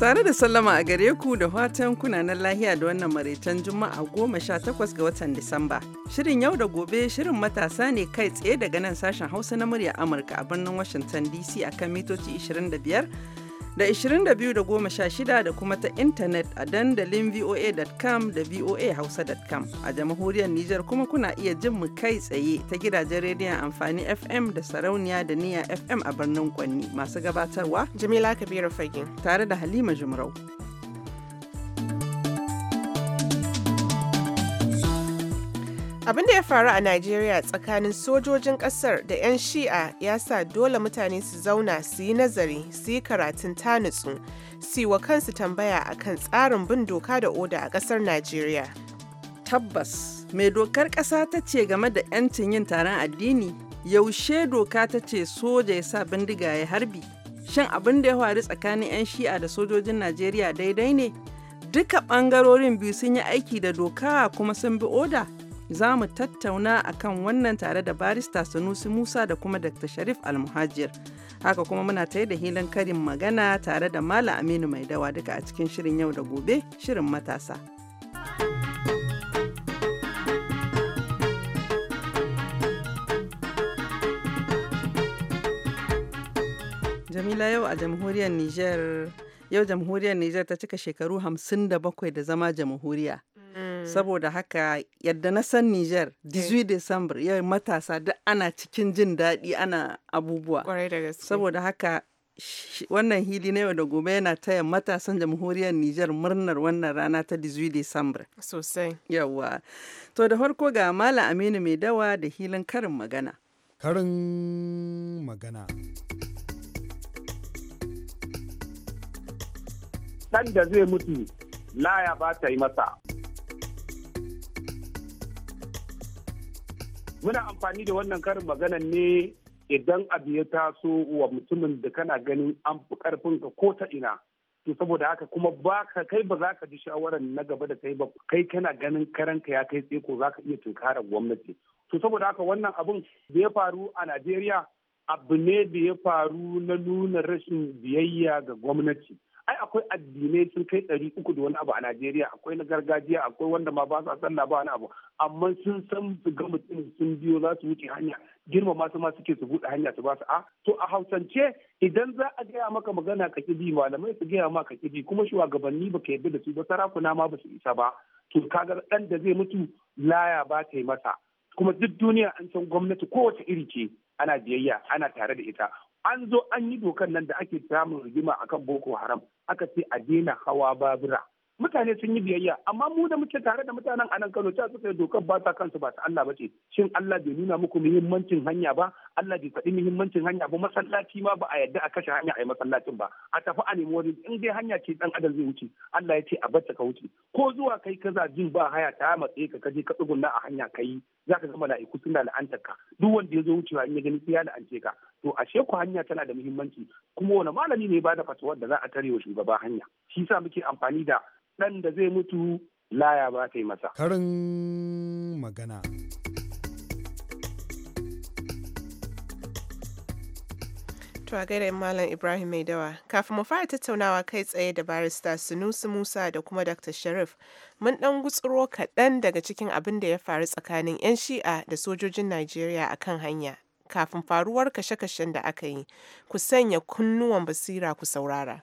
Tare da sallama a gare ku da fatan kunanan lahiya da wannan maraitan Juma'a goma sha takwas ga watan Disamba. Shirin yau da gobe shirin matasa ne kai tsaye daga nan sashen Hausa na murya Amurka a birnin Washington DC akan mitoci 25 da 22.16 da kuma ta intanet a dandalin voa.com da voahausa.com a jamhuriyar Nijar kuma kuna iya jin mu kai tsaye ta gidajen rediyon amfani FM da sarauniya da niya FM a birnin Kwanni masu gabatarwa Jamila Kabiru Fagin tare da Halima Jumrau. Abin da ya faru a Najeriya tsakanin sojojin ƙasar da 'yan shi'a ya sa dole mutane su zauna su yi nazari su yi karatun tanutsu su yi wa kansu tambaya a kan tsarin bin doka da oda a ƙasar Najeriya. Tabbas, mai dokar ƙasa ta ce game da 'yancin yin taron addini, yaushe doka ta ce soja ya sa bindiga ya harbi. Shin abin da ya faru tsakanin 'yan shi'a da sojojin Najeriya daidai ne? Duka ɓangarorin biyu sun yi aiki da doka kuma sun bi oda. Za mu tattauna akan wannan tare da barista Sanusi Musa da kuma Dr. Sharif Almuhajir. Haka kuma muna ta da hilin karin magana tare da Mala Aminu Mai Dawa duka a cikin shirin yau da gobe, shirin matasa. Jamila yau a jamhuriyar Nijar yau jamhuriyar niger ta cika shekaru 57 da zama jamhuriya. Mm. saboda haka yadda na san Niger 18 December yau matasa duk ana cikin jin daɗi ana abubuwa saboda haka wannan hili na yau da gobe yana taya matasan jamhuriyar Nijar murnar wannan rana ta 18 december. Sosai. Yawwa. To da farko ga Malam Aminu mai dawa da hilin karin magana. Karin magana. kan da zai mutu, laya ba ta yi masa. muna amfani da wannan karin maganan ne idan abu ya taso wa mutumin da kana ganin an fi karfin ka ko ta ina to saboda haka kuma ba ka kai ba za ka ji shawarar na gaba da kai ba kai kana ganin karanka ya kai ko za ka iya tunkarar gwamnati to saboda haka wannan abun da ya faru a Najeriya abu ne da ya faru na nuna rashin biyayya ga gwamnati ai akwai addinai sun kai ɗari uku da wani abu a Najeriya akwai na gargajiya akwai wanda ma ba su sallah ba wani abu amma sun san su ga mutum sun biyo za su wuce hanya girmama su ma suke su buɗe hanya su ba su a ah, to a hausance idan za a gaya maka magana ka kibi malamai su gaya maka kibi kuma shugabanni ba ka yarda da su ba sarakuna ma ba su isa ba to kaga ɗan da zai mutu laya ba ta yi masa kuma duk duniya an san gwamnati kowace iri ce ana biyayya ana tare da ita an zo an yi dokar nan da ake samun rigima akan boko haram aka ce a daina hawa babura mutane sun yi biyayya amma mu da muke tare da mutanen anan Kano ta suka dokar ba ta kansu ba ta Allah ba ce shin Allah bai nuna muku muhimmancin hanya ba Allah bai faɗi muhimmancin hanya ba masallaci ma ba a yadda a kashe hanya a yi masallacin ba a tafi a nemi wani in dai hanya ce dan adam zai wuce Allah ya ce a bacce ka wuce ko zuwa kai kaza jin ba haya ta matse ka kaje ka tsugunna a hanya kai zaka ga mala'iku suna la'antar ka duk wanda ya zo wucewa in ya gani sai ya la'ance ka to a ku hanya tana da muhimmanci kuma wani malami ne ba da fatuwar da za a tarewa shugaba hanya shi sa muke amfani da ɗan da zai mutu laya ba ta yi masa. Karin magana. To a gaida Malam Ibrahim Maidawa, kafin mu fara tattaunawa kai tsaye da barista Sunusi Musa da kuma Dr. Sharif, mun ɗan gutsuro kaɗan daga cikin abin da ya faru tsakanin 'yan shi'a da sojojin Najeriya a kan hanya. Kafin faruwar kashe-kashen da aka yi, ku sanya kunnuwan basira ku saurara.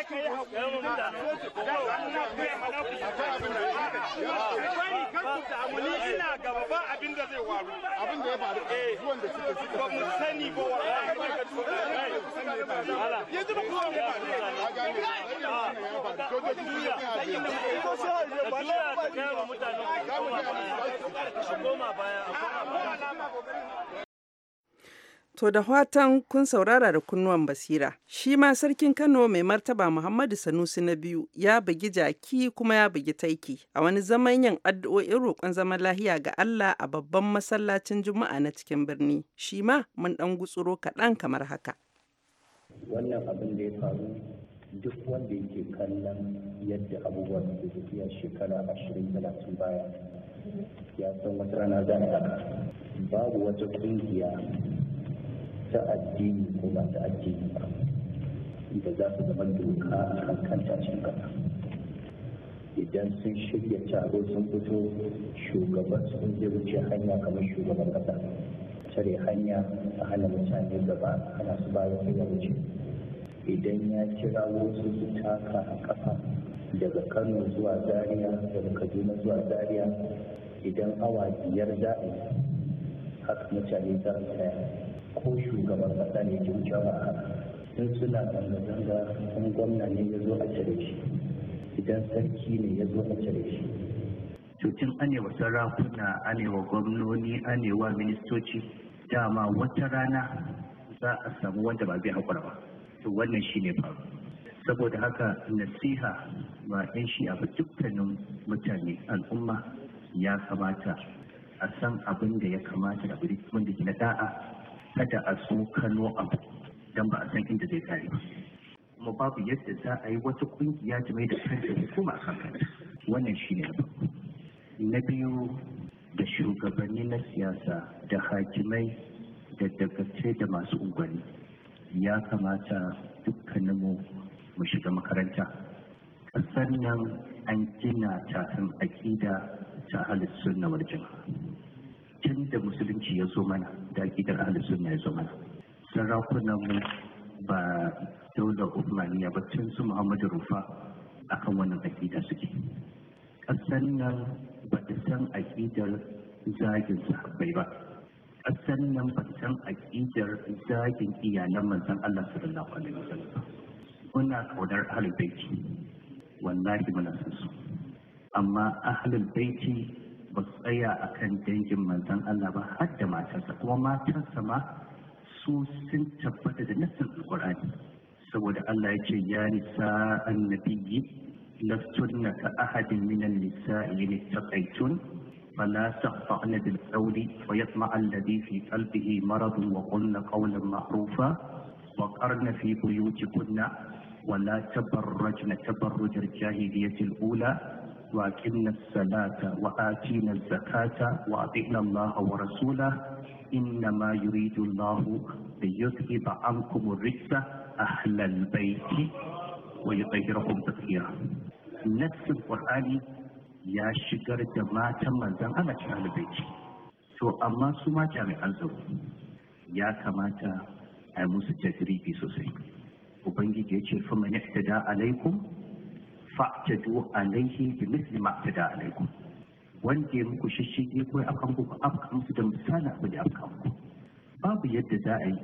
ina gaba ba abin da zai waru abin da ya faru zuwan da suka suka wa yanzu ba kowa ne ba ne To da watan kun saurara da kunnuwan basira. Shi ma sarkin Kano mai martaba Muhammadu Sanusi na biyu ya bugi jaki kuma ya bugi taiki a wani zaman yin addu'o'in roƙon zaman lahiya ga Allah a babban masallacin Juma'a na cikin birni. Shi ma mun ɗan gutsuro kaɗan kamar haka. Wannan abin da ya faru duk wanda yake kallon yadda abubuwa da tafiya shekara ashirin talatin baya ya san wata rana za a babu wata ƙungiya ta addini ko ba ta addini ba da za su zama doka a kan kanta cikin kasa idan sun shirya taro sun fito shugaban sun zai wuce hanya kamar shugaban kasa cire hanya a hana mutane gaba ana su bayan da ya wuce idan ya kira wasu su taka a kafa daga kano zuwa Zariya daga kaduna zuwa Zariya idan awa biyar za'a haka mutane za su tsaya ko shugaban kasa ne ke wuce ba in suna zanga-zanga in gwamna ne ya zo a cire shi idan sarki ne ya zo a cire shi tutun anewa sarakuna anewa gwamnoni anewa ministoci dama wata rana za a samu wanda ba zai haƙura ba to wannan shi ne faru saboda haka nasiha ba ɗin shi abu dukkanin mutane al'umma ya kamata a san abin da ya kamata da abin da ke na da'a kada a Kano abu don ba a san inda zai kare kuma babu yadda za a yi wata ƙungiya ta mai da kanta hukuma a kan wannan shi ne na biyu da shugabanni na siyasa da hakimai da dagace da masu unguwanni ya kamata dukkaninmu mu shiga makaranta ƙasar nan an gina san aƙida ta halittu na warjin tun da musulunci ya zo mana da akidar ahlus sunna ya zama sarakunan mu ba dole Uthmaniyya ba tun su Muhammadu Rufa akan wannan akida suke ƙasar nan ba ta san akidar zagin sahabbai ba ƙasar nan ba ta san akidar zagin iyalan manzon Allah sallallahu alaihi wasallam muna kaunar ahlul baiti wallahi muna san su amma ahlul baiti ba su tsaya a kan dangin manzan Allah ba har da matarsa kuma matarsa ma su sun tabbata da nassin alkur'ani saboda Allah ya ce ya nisa annabiyyi lastunna ka ahadin min minan nisa'i ne taqaitun فلا تخطأن بالقول ويطمع الذي في قلبه مرض وقلن قولا معروفا وقرن في بيوتكن ولا تبرجن تبرج الجاهلية الأولى وأقمنا الصلاة وآتينا الزكاة وأطعنا الله ورسوله إنما يريد الله ليذهب عنكم الرجس أهل البيت ويطهركم تطهيرا نفس القرآن يا شكر جماعة من أنا أهل البيت سو أما su ma jami'an tsaro ya kamata a musu tajribi sosai ubangiji ya ce fa man ihtada a alaihi bi misli ma tada alaikum wanda ya muku shishige ko ya afkan ku afkan musu da misali abu da afkan ku babu yadda za a yi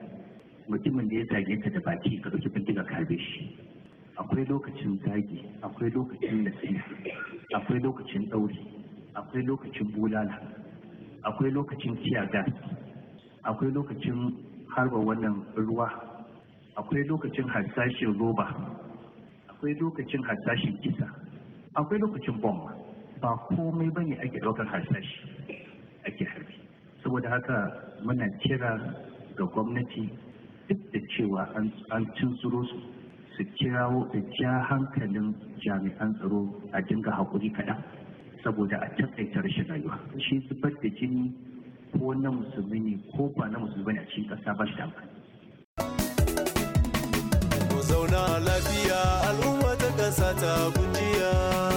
mutumin da ya zage ka da baki ka dauki bindiga ka harbe shi akwai lokacin zagi akwai lokacin nasiha akwai lokacin ɗauri akwai lokacin bulala akwai lokacin kiyaga akwai lokacin harba wannan ruwa akwai lokacin harsashin roba akwai lokacin harsashin kisa akwai lokacin bomba ba komai ba ne ake ɗaukar harsashi ake harbi saboda haka muna kira ga gwamnati duk da cewa an cinsuro su su kirawo da ja hankalin jami'an tsaro a dinga haƙuri kaɗan saboda a taƙaita rashin rayuwa shi zubar da jini ko na musulmi ne ko ba na musulmi ne a cikin ƙasa ba shi da amfani zauna lafiya al'umma ta kasa ta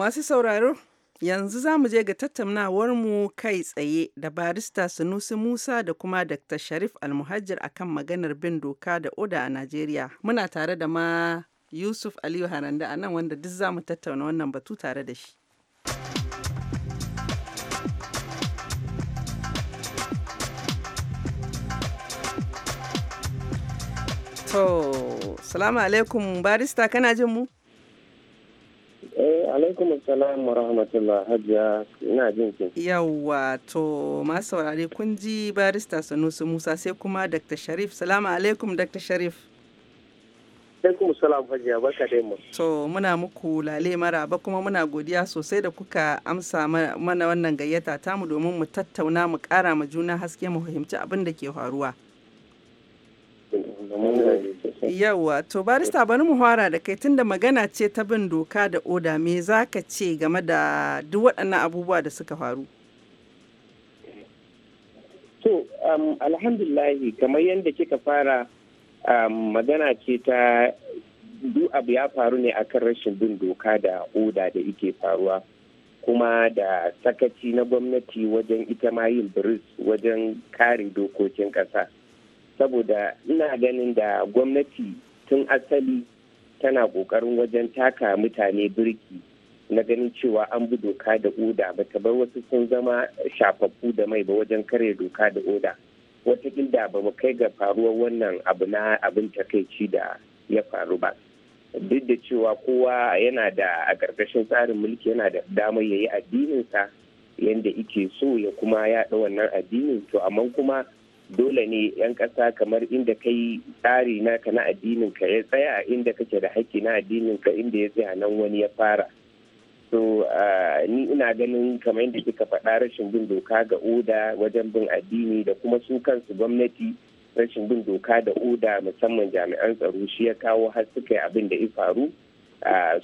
masu sauraro, yanzu za mu je ga tattaunawar mu kai tsaye da barista Sunusi Musa da kuma Dr. Sharif a kan maganar bin doka da oda a Najeriya. Muna tare da ma Yusuf Aliyu Haranda a nan wanda duk za mu tattauna wannan batu tare da shi. To, salamu alaikum barista kana jin mu? Eh, alaikum assalam wa rahmatullah hajiya ina jin ki. Yawwa to masu saurare kun ji barista Sanusi Musa sai kuma Dr. Sharif. Salamu alaikum Dr. Sharif. Alaikum salam hajiya barka da mu. To muna muku lale maraba kuma muna godiya sosai da kuka amsa mana wannan gayyata tamu domin mu tattauna mu kara ma juna haske mu fahimci abin da ke faruwa. Yawwa, to barista bari mu hwara da kai tunda magana ce ta bin doka da oda me za ka ce game da duk waɗannan abubuwa da suka faru? To, um, alhamdulahi kamar yadda kika fara um, magana ce ta duk abu ya faru ne akan rashin bin doka da oda da ike faruwa. kuma da sakaci na gwamnati wajen ita ma yin biris wajen kare dokokin ƙasa saboda ina ganin da gwamnati tun asali tana ƙoƙarin wajen taka mutane birki na ganin cewa an bi doka da oda ba ta bar wasu sun zama shafaffu da mai ba wajen kare doka da oda wataƙila ba mu kai ga faruwar wannan abu na abin takaici da ya faru ba duk da cewa kowa yana da a ƙarƙashin tsarin mulki yana da damar ya yi addininsa yadda ike so ya kuma yaɗa wannan addinin to amma kuma dole ne 'yan ƙasa kamar inda ka yi tsari naka na addinin ka ya tsaya inda kake da haƙƙi na addinin ka inda ya tsaya nan wani ya fara so ni ina ganin kamar inda kika faɗa rashin bin doka ga oda wajen bin addini da kuma su kansu gwamnati rashin bin doka da oda musamman jami'an tsaro shi ya kawo har suka yi abin da ya faru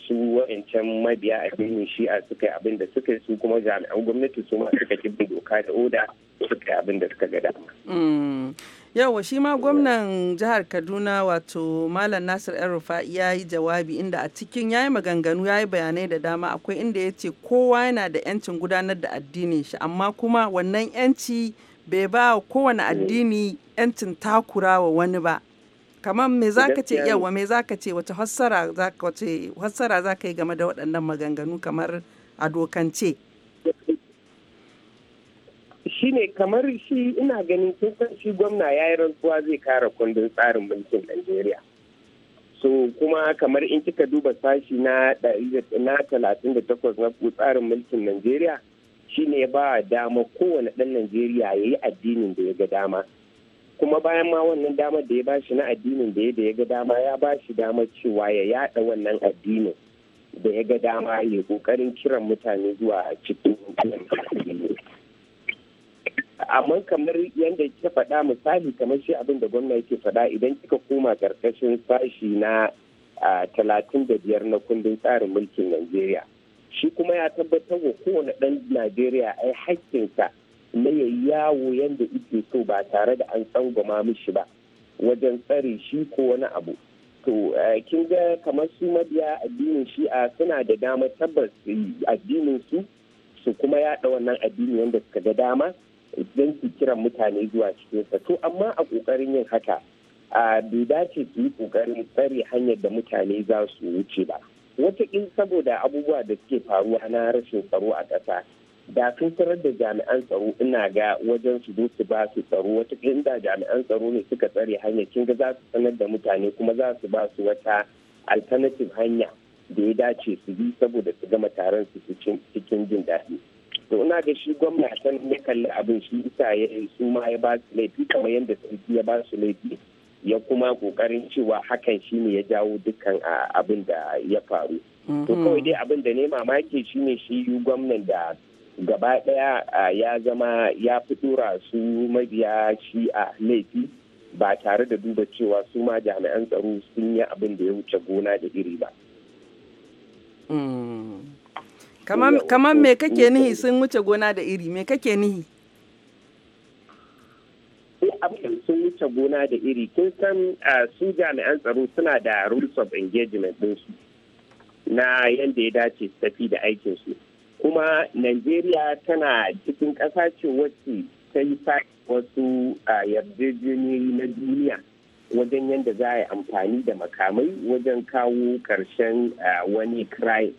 su wa'ancan mabiya a addinin shi'a suka yi abin da suka yi su kuma jami'an gwamnati su ma suka kibin doka da oda suka yi abin da suka ga dama. Mm. Yawa shi ma gwamnan jihar Kaduna wato Malam Nasir ‘yan Rufa'i ya yi jawabi inda a cikin ya yi maganganu ya yi bayanai da dama akwai inda ya ce kowa yana da ‘yancin gudanar da addinin shi amma kuma wannan ‘yanci bai ba kowane addini ‘yancin takura wa wani ba. kamar me za ka ce yawa me za ka ce wace hassara za ka yi game da waɗannan maganganu kamar a dokance shi ne kamar shi ina ganin tun san shi gwamna ya yi rantsuwa zai kare kundin tsarin mulkin Najeriya so kuma kamar in kika duba sashi na na talatin na tsarin mulkin Najeriya ne ba dama kowane ɗan Najeriya ya yi addinin da ya ga dama kuma bayan ma wannan damar da ya ba shi na addinin da ya ya ga dama ya ba shi damar cewa ya yada wannan addinin da ya ga dama ya kokarin kiran mutane zuwa cikin amma kamar yadda kika faɗa misali kamar shi abin da gwamna yake faɗa idan kika koma ƙarƙashin sashi na talatin da biyar na kundin tsarin mulkin najeriya shi kuma ya tabbatar wa kowane ɗan najeriya ai hakkinsa na ya yawo yadda ike so ba tare da an tsangwama mishi ba wajen tsare shi ko wani abu to eh, kin ga kamar su mabiya addinin shi'a suna da dama tabbas addinin su su kuma yaɗa wannan addini wanda suka ga dama don su kiran mutane zuwa sa to amma a ƙoƙarin yin haka a bai dace su yi ƙoƙarin tsare hanyar da mutane za su wuce ba wataƙil saboda abubuwa da suke faruwa na rashin tsaro a ƙasa da sun tarar da jami'an tsaro ina ga wajen su zo su ba su tsaro wata inda jami'an tsaro ne suka tsare hanya kin ga za su sanar da mutane kuma za su ba su wata alternative hanya da ya dace su bi saboda su gama taron su cikin jin daɗi to ina ga shi gwamna san ya kalli abin shi isa ya su ma ya ba su laifi kamar yadda sarki ya ba su laifi ya kuma kokarin cewa hakan shi ne ya jawo dukkan abin da ya faru mm-hmm. to kawai dai abin da ne mamaki shi ne shi gwamnan da gaba ɗaya ya zama ya fi tura su mabiya shi a laifi ba tare da duba cewa su ma jami'an tsaro sun yi abin da ya wuce gona da iri ba. Mm. Kamar me kake nihi sun wuce gona da iri me kake nihi? abin sun wuce gona da iri kin san su jami'an tsaro suna da rules of engagement ɗinsu na yadda ya dace su tafi da aikinsu. kuma najeriya tana cikin ƙasa ce wacce ta yi wasu yarjejeniyoyi na duniya wajen yadda za a yi amfani da makamai wajen kawo ƙarshen wani crime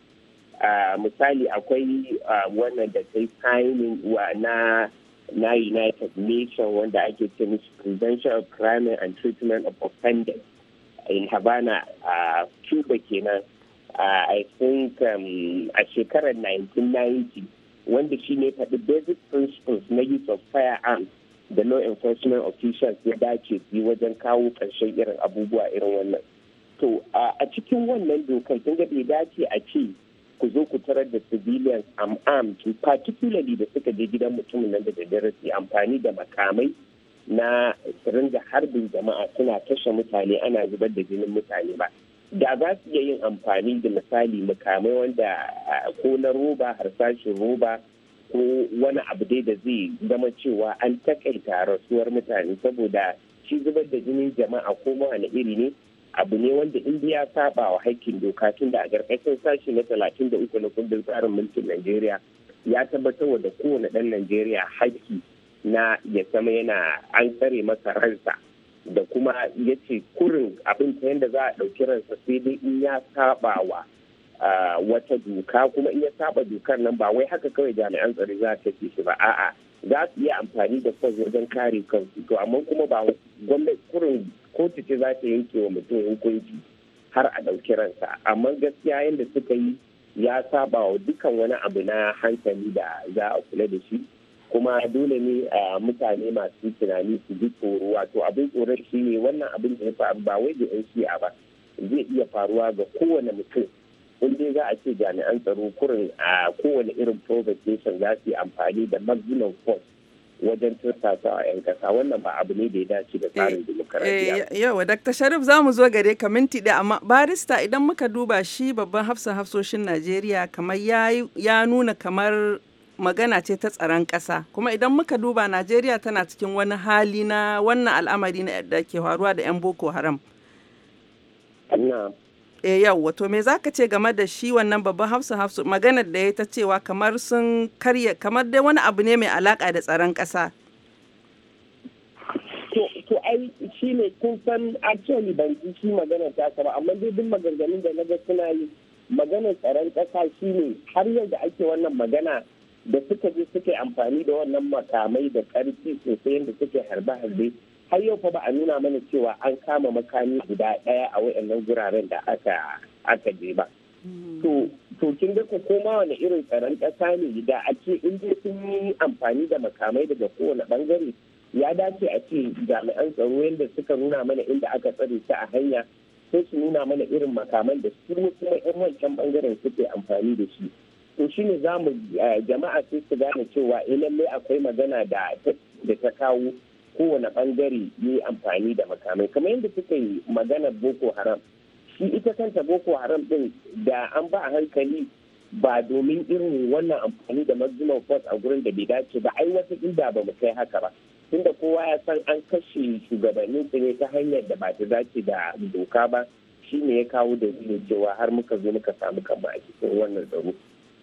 misali akwai wannan da ta yi na na united nations wanda ake ce mishi prevention of crime and treatment of offenders in havana a cuba kenan Uh, I think um, a shekarar 1990 wanda shi ne faɗi basic principles na use of firearms da law enforcement officials ya dace yi wajen kawo ƙarshen irin abubuwa irin wannan. To a cikin wannan dokar kin gaɗe dace a ce ku zo ku tarar da civilians am armed particularly da suka je gidan mutumin nan da daddare su amfani da makamai na da harbin jama'a suna kashe mutane ana zubar da jinin mutane ba. da za su iya yin amfani da misali makamai wanda ko na roba harsashin roba ko wani abu dai da zai zama cewa an takaita rasuwar mutane saboda shi zubar da jinin jama'a ko wani iri ne abu ne wanda indiya saba wa haƙƙin doka tun da a ƙarƙashin sashi na talatin da uku na kundin tsarin mulkin najeriya ya tabbatar da kowane ɗan najeriya haƙƙi na ya sama yana an tsare masa ransa da kuma ya ce kurin abin ta yadda za a ɗauki ransa sai dai in ya saba wa wata doka kuma in ya saba dokar nan ba wai haka kawai jami'an tsaro za ta ce shi ba a'a za su iya amfani da kwas wajen kare kansu to amma kuma ba gwamnati kurin kotu ce za ta yanke wa mutum hukunci har a ɗauki ransa amma gaskiya yadda suka yi ya saba wa dukkan wani abu na hankali da za a kula da shi kuma dole ne a mutane masu tunani su ji tsoro wato abin tsoron shi ne wannan abin da ya faru ba wai da yan shi'a ba zai iya faruwa ga kowane mutum in dai za a ce jami'an tsaro kurin a kowane irin provocation za su yi amfani da maximum force wajen tursasa a 'yan kasa wannan ba abu ne da ya dace da tsarin eh, demokaradiyya. Eh, Yawa, Dr. Sharif za mu zo gare ka minti da amma barista idan muka duba shi babban hafsa hafsoshin Najeriya kamar ya nuna kamar magana ce ta tsaron ƙasa kuma idan muka duba najeriya tana cikin wani hali na wannan al'amari na da ke faruwa da 'yan boko haram e eh, yau wato me za ka ce game da shi wannan babban hafsu hafsu maganar da ya ta cewa kamar sun karya kamar dai wani abu ne mai alaka da tsaron ƙasa to ai shi ne kun san actually ban ji shi maganar ta ba amma dai duk maganganun da na ga suna yi maganar tsaron ƙasa shi ne har yau da ake wannan magana da suka je suka amfani da wannan makamai da karfi sosai yadda suke harbe-harbe har yau fa ba a nuna mana cewa an kama makami guda daya a wayannan guraren da aka aka je ba hmm. to to kin ga ko koma wani irin tsaron kasa ne da a ce in dai sun yi amfani da makamai daga kowane bangare ya dace a ce jami'an tsaro yadda suka nuna mana inda aka tsare ta a hanya sai su nuna mana irin makaman da su kuma 'yan wancan bangaren suke amfani da shi to ne za mu eh, jama'a sai su gane cewa eh, lallai akwai magana da ta kawo kowane bangare yi amfani da makamai kamar yadda suka yi magana boko haram shi ita kanta boko haram din da an ba a hankali ba domin irin wannan amfani da maximum force a gurin da bai dace ba ai wata inda ba mu kai haka ba tunda kowa ya san an kashe shugabannin su ne ta hanyar da ba ta dace da doka ba shi ne ya kawo da cewa har muka zo muka samu kama a cikin wannan tsaro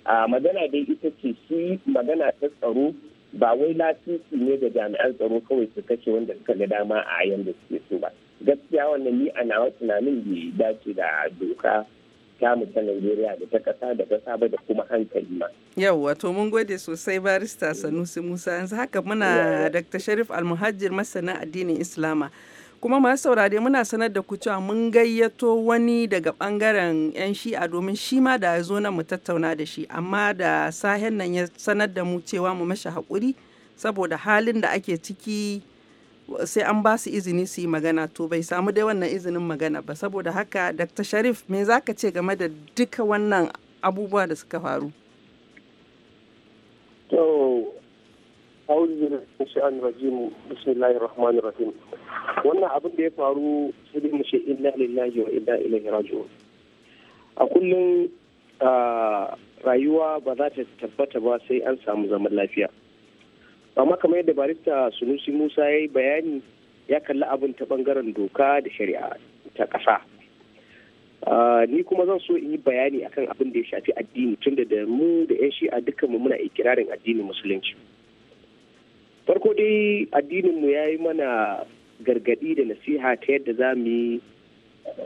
a magana dai ita ce shi magana ta tsaro ba wai lasisi ne da jami'an tsaro kawai su kashe wanda suka ga dama a da suke so ba gaskiya wannan ni a nawa tunanin bai dace da doka ta ta Najeriya da ta kasa da kasa ba da kuma hankali ma. Yawwa to mun gode sosai barista Sanusi Musa yanzu haka muna Dr. Sharif Almuhajir masana addinin Islama. kuma masu saurare muna sanar da ku cewa mun gayyato wani daga bangaren 'yan shi'a domin shi ma da ya zo nan mu tattauna da shi amma da sahen nan ya sanar da mu cewa mu mashi hakuri saboda halin da ake ciki sai an ba su izini su yi magana to bai samu dai wannan izinin magana ba saboda haka dr sharif me za ka ce game da duka wannan abubuwa da suka faru أعوذ بالله wannan abin da ya faru sai mu ce inna wa inna ilaihi raji'un a kullum rayuwa ba za ta tabbata ba sai an samu zaman lafiya amma kamar yadda barista sunusi musa ya yi bayani ya kalli abin ta bangaren doka da shari'a ta ƙasa ni kuma zan so in yi bayani akan abin da ya shafi addini tunda da mu da 'yan shi'a dukkanmu muna ikirarin addinin musulunci farko dai addininmu ya yi mana gargaɗi da nasiha ta yadda za mu yi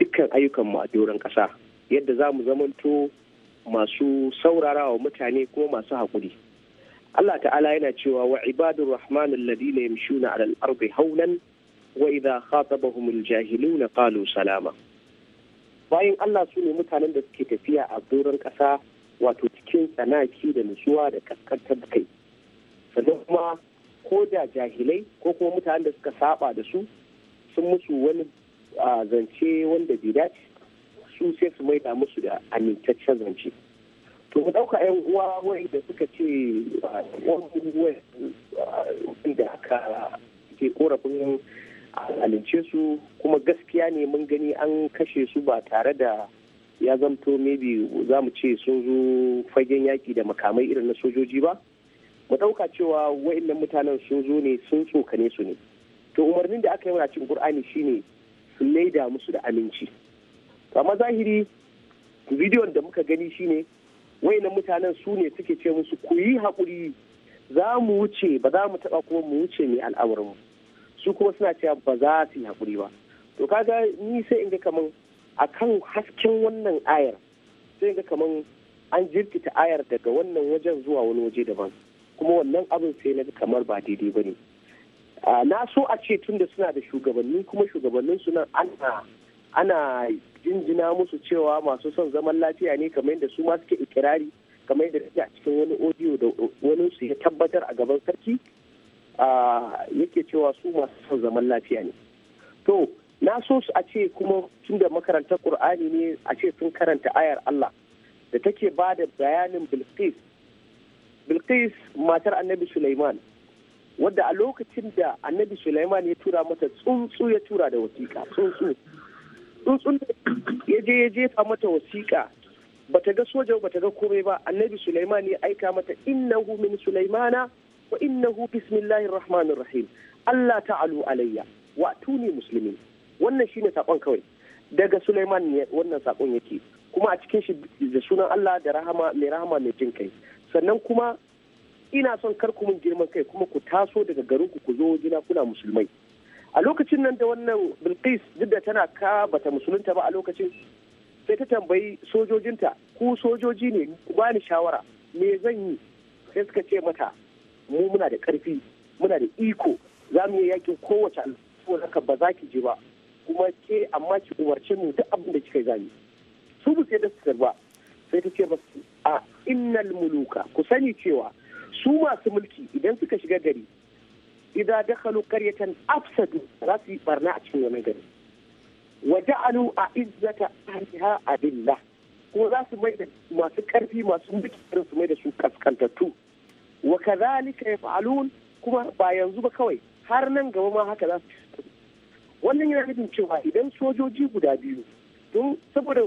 dukkan ayyukanmu a doron ƙasa yadda za mu zamanto masu saurarawa mutane ko masu haƙuri Allah ta'ala yana cewa wa ibadur rahman alladina yamshuna ala al-ardi hawlan wa idha khatabahum jahiluna qalu salama bayan Allah su ne mutanen da suke tafiya a doron ƙasa wato cikin tsanaki da nutsuwa da kaskantar kai sannan kuma ko da jahilai ko kuma mutanen da suka saba da su sun musu wani zance wanda bai dace su sai su maida musu da amintaccen zance to mu ɗauka yan uwa wai da suka ce wani da aka ke korafin alince su kuma gaskiya ne mun gani an kashe su ba tare da ya zamto maybe za mu ce sun zo fagen yaƙi da makamai irin na sojoji ba mu ɗauka cewa wa'annan mutanen sun zo ne sun tsokane su ne to umarnin da aka yi wa cikin qur'ani shine su laida musu da aminci amma zahiri bidiyon da muka gani shine wayannan mutanen su ne suke ce musu ku yi haƙuri za mu wuce ba za mu taɓa kuma mu wuce mai mu su kuma suna cewa ba za su yi haƙuri ba to kaga ni sai in ga kaman akan hasken wannan ayar sai in ga kaman an jirkita ayar daga wannan wajen zuwa wani waje daban kuma wannan abin sai na kamar ba daidai ba ne na so a ce tun da suna da shugabanni kuma shugabannin suna ana jinjina musu cewa masu son zaman lafiya ne kamar yadda su ma suke ikirari kamar yadda a cikin wani audio da wani su ya tabbatar a gaban sarki yake cewa su masu son zaman lafiya ne to na so su a ce kuma tun da makarantar ƙur'ani ne a ce sun karanta ayar Allah da take ba da bayanin bilkis bilkis matar annabi suleiman wadda a lokacin da annabi suleiman ya tura mata tsuntsu ya tura da wasiƙa tsuntsu tsuntsu ya je ya jefa mata wasiƙa bata ga soja bata ga komai ba annabi suleiman ya aika mata innahu min suleimana wa innahu bismillahir rahmanir rahim Allah ta'alu alayya wa tuni muslimin wannan shine sakon kawai daga suleiman wannan sakon yake kuma a cikin shi da sunan Allah da rahama mai rahama mai jin kai sannan kuma ina son karku ku mun girman kai kuma ku taso daga garin ku ku zo gina kuna musulmai a lokacin nan da wannan bilkis duk da tana ka bata musulunta ba a lokacin sai ta tambayi sojojinta ku sojoji ne ku bani shawara me zan yi sai suka ce mata mu muna da karfi muna da iko za mu yi yakin kowace al'umma ba za ki je ba kuma ke amma ki umarce mu duk abin da kika yi su bu sai da su ba sai ta ce ba a innal muluka ku sani cewa su masu mulki idan suka shiga gari idza dakhalu karyatan afsadu za su yi barna a cikin wani gari wa ja'alu a izzata ahliha adilla kuma za su mai da masu karfi masu mulki su mai da su kaskantattu wa kadhalika yaf'alun kuma ba yanzu ba kawai har nan gaba ma haka za su wannan yana nufin cewa idan sojoji guda biyu don saboda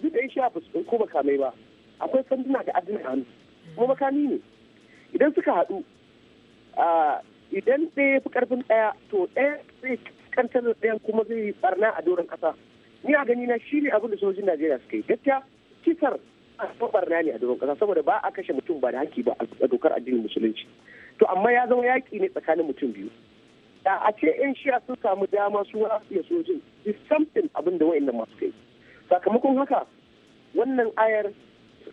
duk da ya sha ba su ba makamai ba akwai sanduna da adina hannu kuma makami ne idan suka haɗu idan ɗaya fi karfin ɗaya to ɗaya zai kantar ɗayan kuma zai barna a doron ƙasa ni a gani na shi ne abin da sojojin najeriya suka yi gaskiya kisar a barna ne a doron ƙasa saboda ba a kashe mutum ba da haƙƙi ba a dokar addinin musulunci to amma ya zama yaƙi ne tsakanin mutum biyu da a ce yan shiya sun samu dama su ma su iya sojin is something abin da wa'annan masu kai sakamakon haka wannan ayar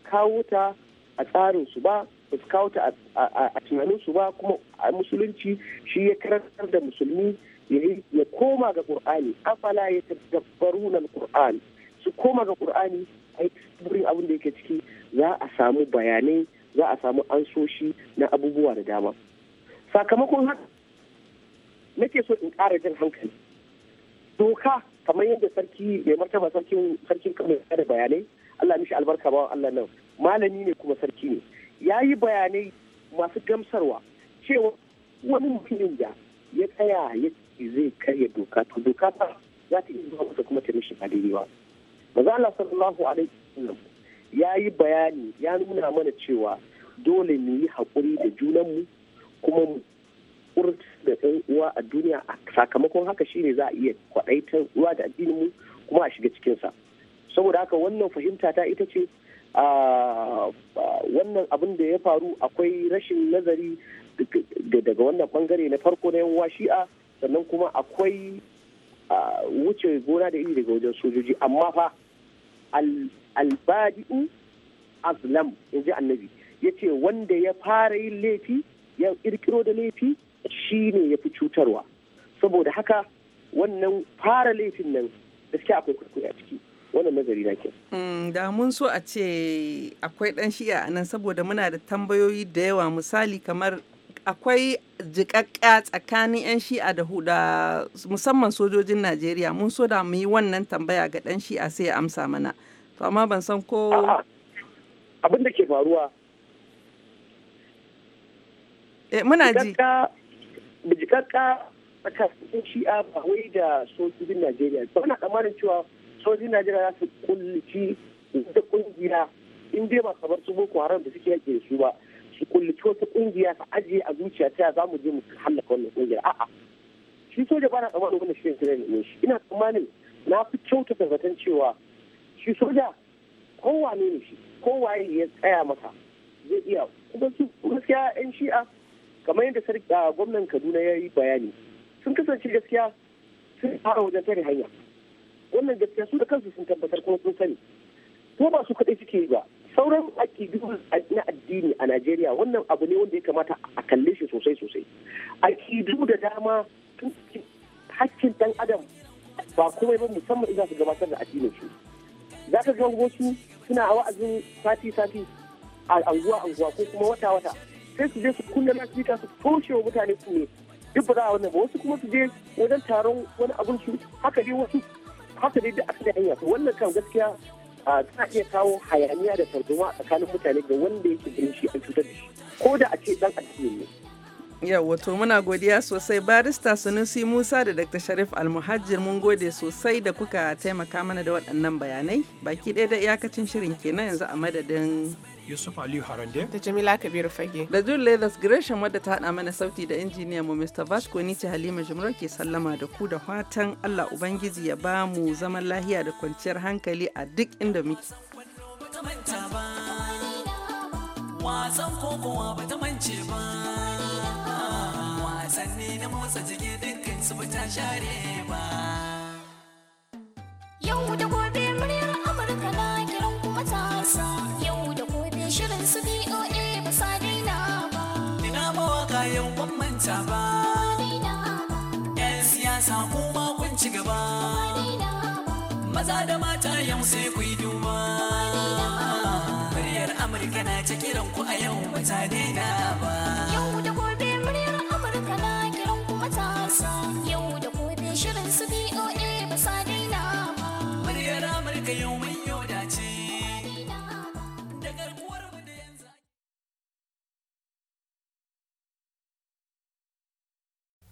kawo ta a tsarinsu ba ba su kawo ta a tunanin su ba kuma a musulunci shi ya karantar da musulmi ya koma ga qur'ani afala ya tadabbaru na qur'an su koma ga qur'ani a yi wurin abin da yake ciki za a samu bayanai za a samu ansoshi na abubuwa da dama sakamakon haka nake so in ƙara jan hankali doka kamar yadda sarki mai martaba sarkin sarkin kamar da bayanai Allah mishi albarka bawan Allah nan malami ne kuma sarki ne ya yi bayanai masu gamsarwa cewa wani mutumin da ya tsaya ya zai karya doka to doka ta za ta iya zuwa kuma ta mishi adiriwa ba maza Allah sallallahu alaihi wasallam ya yi bayani ya nuna mana cewa dole mu yi haƙuri da junanmu kuma mu da ɗan uwa a duniya sakamakon haka shine za a iya kwaɗaitar uwa da mu kuma a shiga cikinsa. saboda haka wannan fahimta ta ita ce wannan abin da ya faru akwai rashin nazari daga wannan bangare na farko na yan shi'a sannan kuma akwai wuce gona da iri daga wajen sojoji amma fa albadi'u azlam in ji annabi ya ce wanda ya fara yin laifi ya kirkiro da laifi shi ne ya fi cutarwa saboda haka wannan fara laifin nan gaskiya akwai kurkuri a ciki wannan nazari na ke. Mm, da mun so a ce akwai dan shi'a a nan saboda muna da tambayoyi da yawa misali kamar akwai jikakka tsakanin 'yan shi'a da huda musamman sojojin najeriya mun so da mu yi wannan tambaya ga dan shi'a sai ya amsa mana to amma ban san ko abin da ke faruwa eh muna ji jikakka tsakanin shi'a ba wai da sojojin najeriya ba na tsammanin cewa sojin najeriya za su kullici wata kungiya in dai ba kamar su boko haram da suke yake su ba su kullici wata kungiya su ajiye a zuciya ta ya zamu je mu hallaka wannan kungiyar a'a shi soja ba na tsammanin shirin kira ne shi ina tsammanin na fi kyautata zaton cewa shi soja kowane ne shi kowaye ya tsaya masa zai iya kuma su gaskiya yan shi'a kamar yadda sarki gwamnan kaduna ya yi bayani sun kasance gaskiya sun fara wajen tare hanya wannan gaskiya su da kansu sun tabbatar kuma sun sani ko ba su kaɗai suke ba sauran aƙidu na addini a najeriya wannan abu ne wanda ya kamata a kalle shi sosai sosai aƙidu da dama hakkin ɗan adam ba kuma ba musamman idan su gabatar da addinin su za ka ga wasu suna a wa'azin sati sati a anguwa anguwa ko kuma wata wata sai su je su kunna lasifika su toshe wa mutane su ne duk ba za a wannan ba wasu kuma su je wajen taron wani abin su haka dai wasu haka dai da aka sai hanya wannan kan gaskiya a ta iya kawo hayaniya da tarzoma a tsakanin mutane ga wanda yake ganin shi an cutar da shi ko da a ce dan addini ne Yau to muna godiya sosai barista sanusi Musa da Dr. Sharif Almuhajir mun gode sosai da kuka taimaka mana da waɗannan bayanai. Baki ɗaya da iyakacin shirin kenan yanzu a madadin Yusuf Aliyu Harande. Da Jamila Kabiru Fage. Da June Leathers Gresham wadda ta haɗa mana sauti da injiniya mu Mr. Vasco ni ce Halima jimro ke sallama da ku da fatan Allah Ubangiji ya ba mu zaman lahiya da kwanciyar hankali a duk inda muke. Wasan kokowa ba ta mance ba. wasanni na motsa jiki dukkan su ta share ba yau da gobe muryar amurka na kiran kuma matasa. yau da gobe shirin su boa ba sa daina ba ina mawaka yau ban manta ba yan siyasa kuma kun ci gaba maza da mata yau sai ku yi duba muryar amurka na ta kiran ku a yau ba ta daina ba